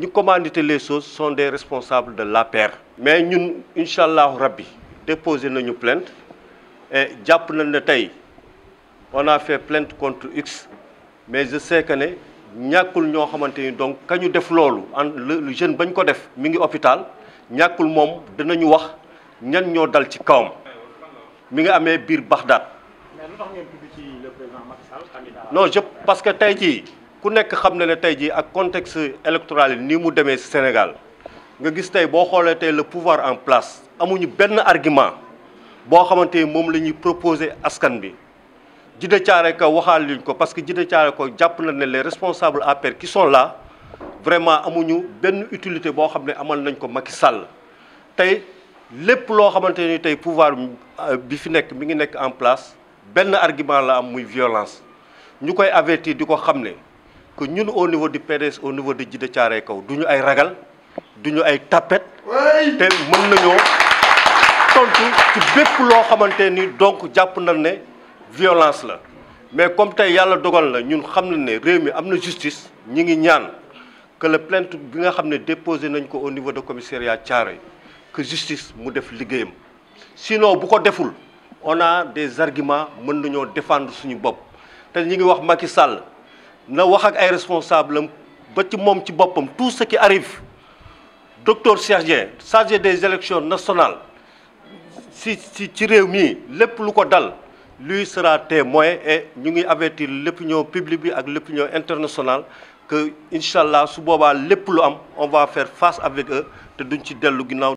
Nous commandons les choses sont des responsables de la paire. mais nous, Inch'Allah rabbi déposé nos plainte et on a fait plainte contre X mais je sais que ne avons pas... donc quand le jeune ko def hôpital dinañu wax ñan mais le président non je parce que ku nek xam na tay ji ak contexte électoral ni mu démé ci Sénégal nga gis tay bo xolé tay le pouvoir en place amuñu ben argument bo xamanté mom lañuy proposer askan bi Djida Thiaroye Kao waxaal luñ ko parce que Djida Thiaroye ko japp na ne les responsables APR qui sont là vraiment amuñu ben utilité bo xamné amal nañ ko Macky Sall tay lepp lo xamanté ni tey pouvoir bi fi nek mi ngi nek en place ben argument la am muy violence ñukoy koy avertir di ko que ñun au niveau du PDS au niveau de Djidah Thiaroye Kaw du ñu ay ragal du ñu ay tapet te mën nañoo tontu ci bépp loo xamante ni donc jàpp nañ ne violence la mais comme tey yàlla dogal na ñun xam nañ ne réew mi am na justice ñi ngi ñaan que la plainte bi nga xam ne déposé nañ ko au niveau de commissariat Thiaroye que justice mu def liggéeyam sinon bu ko deful on des arguments mën nañoo défendre suñu bopp te ñi ngi wax Macky Sall na wax ak ay responsable ba ci mom ci tout ce qui arrive docteur Cheikh Dieng chargé des élections nationales si si ci réew mii lu ko dal lui sera témoin et ñu ngi avertir l'opinion publique bi ak l'opinion internationale que inshallah su boba lepp lu am on va faire face avec eux te duñ ci delu